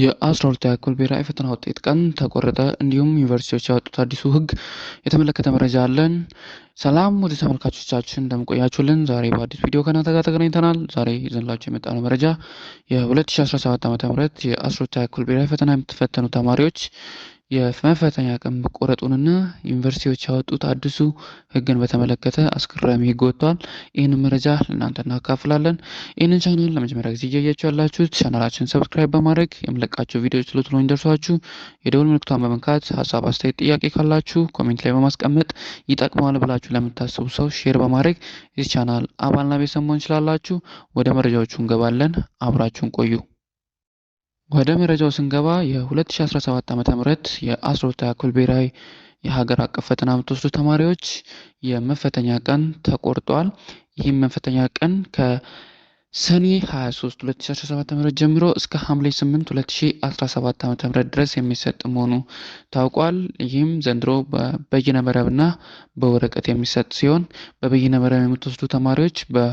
የ 12 ክፍል ብሔራዊ ፈተና ውጤት ቀን ተቆረጠ። እንዲሁም ዩኒቨርሲቲዎች ያወጡት አዲሱ ሕግ የተመለከተ መረጃ አለን። ሰላም ወደ ተመልካቾቻችን እንደምቆያችሁልን፣ ዛሬ በአዲስ ቪዲዮ ከእናንተ ጋር ተገናኝተናል። ዛሬ የመጣ የመጣነው መረጃ የ2017 ዓ ም የ ክፍል ብሔራዊ ፈተና የምትፈተኑ ተማሪዎች የመፈተኛ ቀን መቆረጡንና ዩኒቨርሲቲዎች ያወጡት አዲሱ ህግን በተመለከተ አስገራሚ ህግ ወጥቷል። ይህንን መረጃ ለእናንተ እናካፍላለን። ይህንን ቻናል ለመጀመሪያ ጊዜ እያያችሁ ያላችሁት ቻናላችን ሰብስክራይብ በማድረግ የምለቃቸው ቪዲዮዎች ቶሎ ቶሎ እንዲደርሷችሁ የደውል ምልክቷን በመንካት ሀሳብ፣ አስተያየት፣ ጥያቄ ካላችሁ ኮሜንት ላይ በማስቀመጥ ይጠቅመዋል ብላችሁ ለምታስቡ ሰው ሼር በማድረግ የዚህ ቻናል አባልና ቤተሰብ መሆን ወደ መረጃዎቹ እንገባለን። አብራችሁን ቆዩ። ወደ መረጃው ስንገባ የ2017 ዓ ም የአስሮታ ክፍል ብሔራዊ የሀገር አቀፍ ፈተና የምትወስዱ ተማሪዎች የመፈተኛ ቀን ተቆርጧል። ይህም መፈተኛ ቀን ከሰኔ 23 2017 ዓ.ም ጀምሮ እስከ ሐምሌ 8 2017 ም ድረስ የሚሰጥ መሆኑ ታውቋል። ይህም ዘንድሮ በበይነ መረብና በወረቀት የሚሰጥ ሲሆን በበይነ መረብ የምትወስዱ ተማሪዎች በ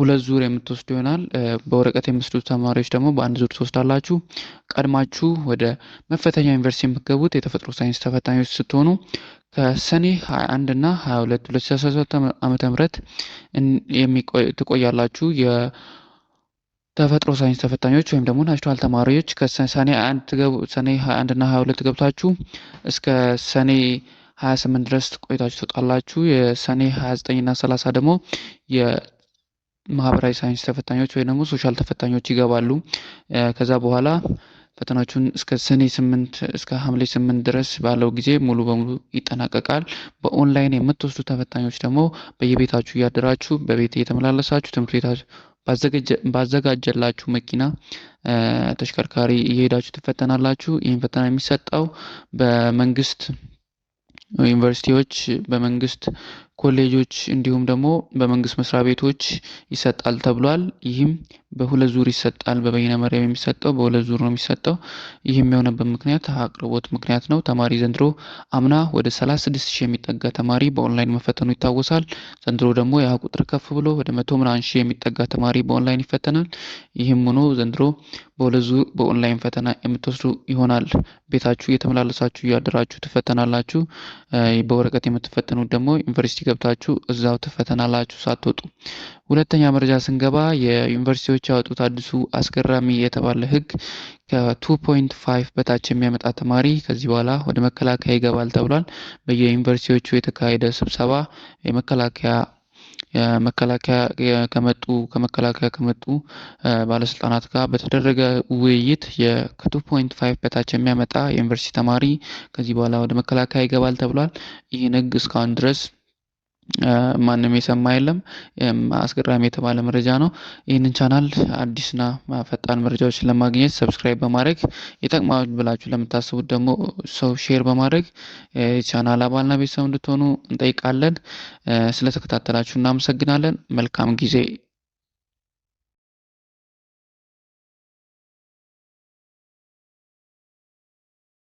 ሁለት ዙር የምትወስዱ ይሆናል። በወረቀት የምትወስዱ ተማሪዎች ደግሞ በአንድ ዙር ትወስዳላችሁ። ቀድማችሁ ወደ መፈተኛ ዩኒቨርሲቲ የምትገቡት የተፈጥሮ ሳይንስ ተፈታኞች ስትሆኑ ከሰኔ 21 እና 22 2017 ዓመተ ምት ትቆያላችሁ። የተፈጥሮ ሳይንስ ተፈታኞች ወይም ደግሞ ናቹራል ተማሪዎች ከሰኔ 21 እና 22 ገብታችሁ እስከ ሰኔ 28 ድረስ ቆይታችሁ ትወጣላችሁ። የሰኔ 29 እና 30 ደግሞ ማህበራዊ ሳይንስ ተፈታኞች ወይ ደግሞ ሶሻል ተፈታኞች ይገባሉ። ከዛ በኋላ ፈተናዎቹን እስከ ሰኔ ስምንት እስከ ሐምሌ ስምንት ድረስ ባለው ጊዜ ሙሉ በሙሉ ይጠናቀቃል። በኦንላይን የምትወስዱ ተፈታኞች ደግሞ በየቤታችሁ እያደራችሁ በቤት እየተመላለሳችሁ ትምህርት ቤታችሁ ባዘጋጀላችሁ መኪና ተሽከርካሪ እየሄዳችሁ ትፈተናላችሁ። ይህን ፈተና የሚሰጠው በመንግስት ዩኒቨርሲቲዎች በመንግስት ኮሌጆች እንዲሁም ደግሞ በመንግስት መስሪያ ቤቶች ይሰጣል ተብሏል። ይህም በሁለት ዙር ይሰጣል። በበይነ መረብ የሚሰጠው በሁለት ዙር ነው የሚሰጠው። ይህም የሚሆነበት ምክንያት አቅርቦት ምክንያት ነው። ተማሪ ዘንድሮ አምና ወደ 36 ሺህ የሚጠጋ ተማሪ በኦንላይን መፈተኑ ይታወሳል። ዘንድሮ ደግሞ ያ ቁጥር ከፍ ብሎ ወደ መቶ ምናምን ሺህ የሚጠጋ ተማሪ በኦንላይን ይፈተናል። ይህም ሆኖ ዘንድሮ በሁለት ዙር በኦንላይን ፈተና የምትወስዱ ይሆናል። ቤታችሁ እየተመላለሳችሁ እያደራችሁ ትፈተናላችሁ። በወረቀት የምትፈተኑት ደግሞ ዩኒቨርሲቲ ገብታችሁ እዛው ትፈተናላችሁ ሳትወጡ። ሁለተኛ መረጃ ስንገባ የዩኒቨርሲቲዎች ያወጡት አዲሱ አስገራሚ የተባለ ህግ ከ2.5 በታች የሚያመጣ ተማሪ ከዚህ በኋላ ወደ መከላከያ ይገባል ተብሏል። በየዩኒቨርሲቲዎቹ የተካሄደ ስብሰባ የመከላከያ መከላከያ ከመጡ ከመከላከያ ከመጡ ባለስልጣናት ጋር በተደረገ ውይይት ከቱ ፖይንት በታች የሚያመጣ የዩኒቨርሲቲ ተማሪ ከዚህ በኋላ ወደ መከላከያ ይገባል ተብሏል። ይህን ህግ እስካሁን ድረስ ማንም የሰማ የለም። አስገራሚ የተባለ መረጃ ነው። ይህንን ቻናል አዲስና ፈጣን መረጃዎችን ለማግኘት ሰብስክራይብ በማድረግ ይጠቅማል ብላችሁ ለምታስቡት ደግሞ ሰው ሼር በማድረግ ቻናል አባልና ቤተሰብ እንድትሆኑ እንጠይቃለን። ስለተከታተላችሁ እናመሰግናለን። መልካም ጊዜ